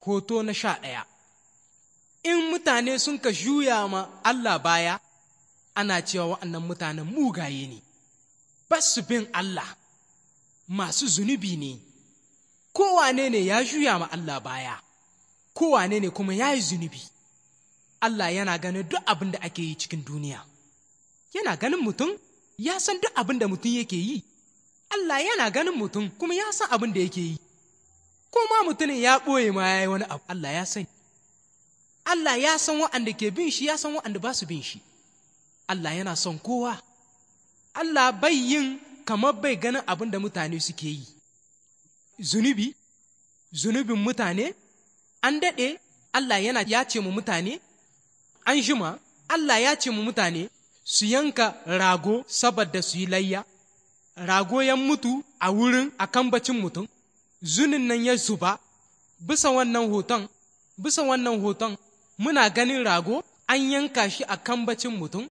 hoto na sha ɗaya in mutane sun ka juya ma Allah baya ana cewa wa'annan mutanen mugaye ne ba su bin Allah masu zunubi ne kowane ne ya juya ma Allah baya kowane ne kuma ya yi zunubi Allah yana ganin duk abin da ake yi cikin duniya yana ganin mutum ya san duk abin da mutum yake yi Allah yana ganin mutum kuma ya san abin da yake yi ko ma mutumin ya ɓoye ma ya yi wani abu Allah ya sani Allah ya san wa'anda ke bin shi ya san wa'anda ba su bin shi Allah yana son kowa Allah bai yin kamar bai ganin abin da mutane suke yi zunubi zunubin mutane an daɗe Allah yana ya ce mu mutane an shima Allah ya ce mu mutane su yanka rago saboda su yi layya rago ya mutu a wurin a kambacin mutum zunin nan ya zuba bisa wannan hoton bisa wannan hoton muna ganin rago an yanka shi a kambacin mutum